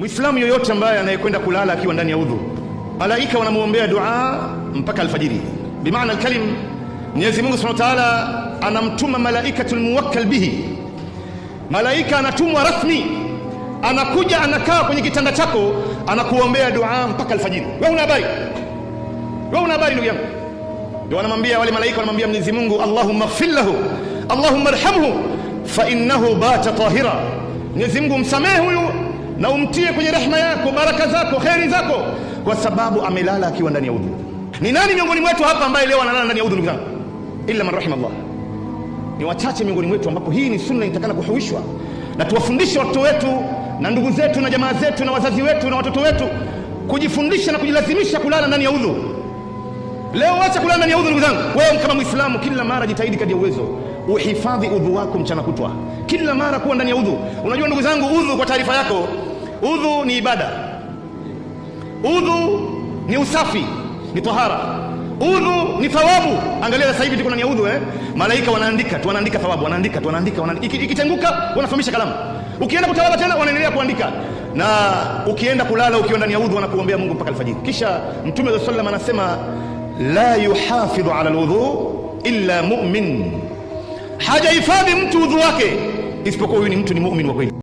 muislamu yoyote ambaye anayekwenda kulala akiwa ndani ya udhu, malaika wanamwombea dua mpaka alfajiri. Bimaana alkalim, Mwenyezi Mungu Subhanahu wa Ta'ala anamtuma malaikatul muwakkal bihi, malaika anatumwa rasmi, anakuja anakaa kwenye kitanda chako, anakuombea dua mpaka alfajiri. Wewe una habari? Wewe una habari, ndugu yangu? Ndio wanamwambia wale malaika, wanamwambia Mwenyezi Mungu, Allahumma ighfir lahu Allahumma arhamhu fa innahu bata tahira, Mwenyezi Mungu msamehe huyu na umtie kwenye rehma yako, baraka zako, kheri zako, kwa sababu amelala akiwa ndani ya udhu. Ni nani miongoni mwetu hapa ambaye leo analala ndani ya udhu? Ndugu zangu, illa man rahim Allah, ni wachache miongoni mwetu, ambapo hii ni sunna inatakana kuhuishwa na tuwafundishe watoto wetu na ndugu zetu na jamaa zetu na wazazi wetu na watoto wetu kujifundisha na kujilazimisha kulala ndani ya udhu. Leo acha kulala ndani ya udhu, ndugu zangu. Wewe kama muislamu kila mara jitahidi kadi ya uwezo uhifadhi udhu wako mchana kutwa, kila mara kuwa ndani ya udhu. Unajua ndugu zangu, udhu, kwa taarifa yako Udhu ni ibada, udhu ni usafi, ni tahara Udhu ni thawabu. Angalia sasa hivi tuko ndani ya udhu eh? Malaika wanaandika tu, wanaandika thawabu, wanaandika tu, wanaandika wanaandika, ikitenguka wanafahamisha kalamu, ukienda kutawala tena wanaendelea kuandika, na ukienda kulala ukiwa ndani ya udhu wanakuombea Mungu mpaka alfajiri. Kisha Mtume wa wasallam anasema la yuhafidhu ala alwudhu illa mu'min, hajahifadhi mtu udhu wake isipokuwa huyu ni mtu ni mumin wa kweli.